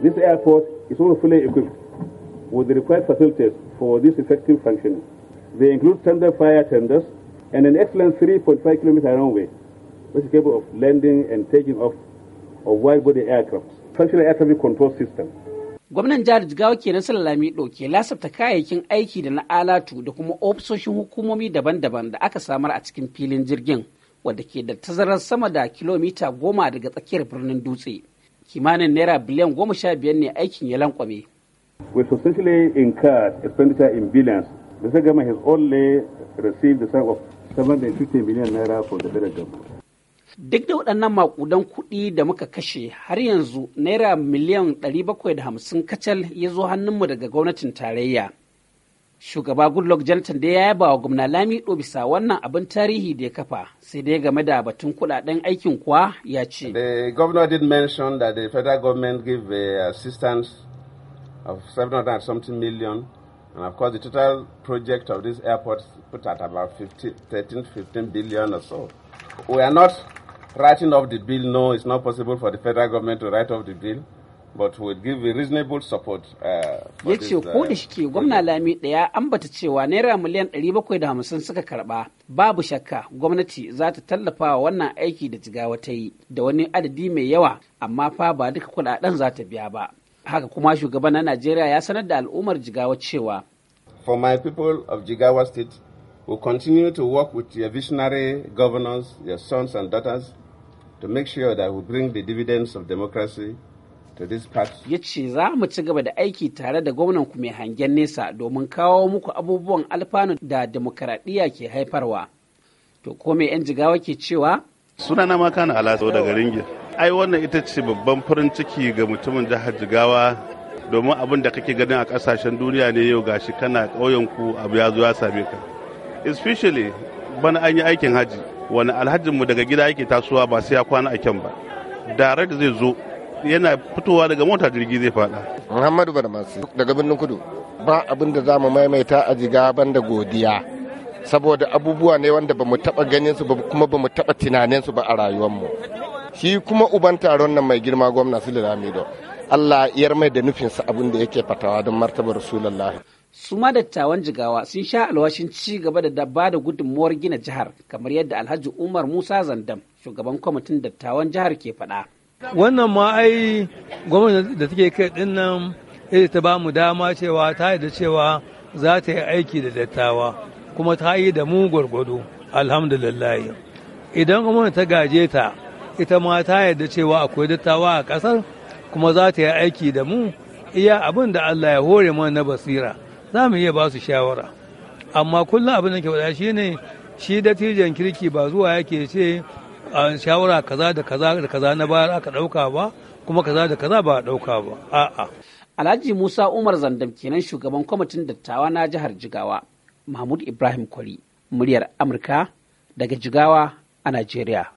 This airport is also fully equipped with the required facilities for this effective function. They include tender fire tenders and an excellent 3.5 kilometer runway, which is capable of landing and taking off of wide-body aircraft. Functional air traffic control system. Gwamnan jihar Jigawa ke kenan lami ɗauke lasafta kayayyakin aiki da na alatu da kuma ofisoshin hukumomi daban-daban da aka samar a cikin filin jirgin wadda ke da tazarar sama da kilomita goma daga tsakiyar birnin dutse. kimanin naira biliyan goma sha biyar ne aikin ya lankwame. We substantially incurred expenditure in billions. The federal government has only received the sum of 750 million naira from the federal government. Duk da waɗannan maƙudan kuɗi da muka kashe har yanzu naira miliyan 750 kacal ya zo hannunmu daga gwamnatin tarayya. shugaba goodluck jonathan da ya yaba wa gwamna lamido bisa wannan abin tarihi da ya kafa sai dai game da batun kudaden aikin kuwa ya ce the governor did mention that the federal government give uh, assistance of 700 something million and of course the total project of this airport put at about 15, 13 15 billion or so we are not writing off the bill no it's not possible for the federal government to write off the bill but give a reasonable support. Uh, ya ce uh, ko da shike gwamna lami daya bata cewa naira miliyan 750 suka karba babu shakka gwamnati za ta tallafa wa wannan aiki da jigawa ta yi da wani adadi mai yawa amma fa ba duka kudaden za ta biya ba haka kuma shugaban na najeriya ya sanar da al'ummar jigawa cewa for my people of jigawa state we continue to work with your visionary governors your sons and daughters to make sure that we bring the dividends of democracy ya ce za mu ci gaba da aiki tare da gwamnan ku mai hangen nesa domin kawo muku abubuwan alfanu da demokaradiyya ke haifarwa to ko mai yan jigawa ke cewa sunana ma kana alaso daga ringin ai wannan ita ce babban farin ciki ga mutumin jihar jigawa domin abin da kake ganin a kasashen duniya ne yau gashi kana ƙauyenku abu ya zo ya same ka especially bana an yi aikin haji wani alhajinmu daga gida yake tasowa ba sai ya kwana a kyan ba direct zai zo yana fitowa daga mota jirgi zai fada. Muhammadu Barmasi daga birnin kudu ba abin da za mu maimaita a jiga da godiya saboda abubuwa ne wanda ba mu taɓa ganin su ba kuma ba mu taɓa tunanin su ba a rayuwarmu. Shi kuma uban taron nan mai girma gwamna su da Allah yar mai da nufin sa abin da yake fatawa don martabar Rasulullah. su ma dattawan jigawa sun sha alwashin ci gaba da ba da gudunmuwar gina jihar kamar yadda alhaji umar musa zandam shugaban kwamitin dattawan jihar ke faɗa wannan ma ai gwamnati da take kai din nan ita eh, ta ba mu dama cewa ta yi da cewa za ta yi aiki da dattawa kuma ta yi da mu gwargwado alhamdulillah idan gwamnati ta gaje ta ita ma ta yarda cewa akwai dattawa a ƙasar kuma za ta yi aiki da mu iya abin da Allah ya hore mana na basira za mu iya ba su shawara amma kullum abin da ke faɗa ne shi dattijan kirki ba zuwa yake ce A shawara kaza da kaza da kaza na bayar aka ɗauka ba kuma kaza da kaza ba a ɗauka ba a'a Alhaji Musa Umar Zandam kenan shugaban kwamitin dattawa na jihar Jigawa Mahmud Ibrahim Kwari muryar Amurka daga Jigawa a Najeriya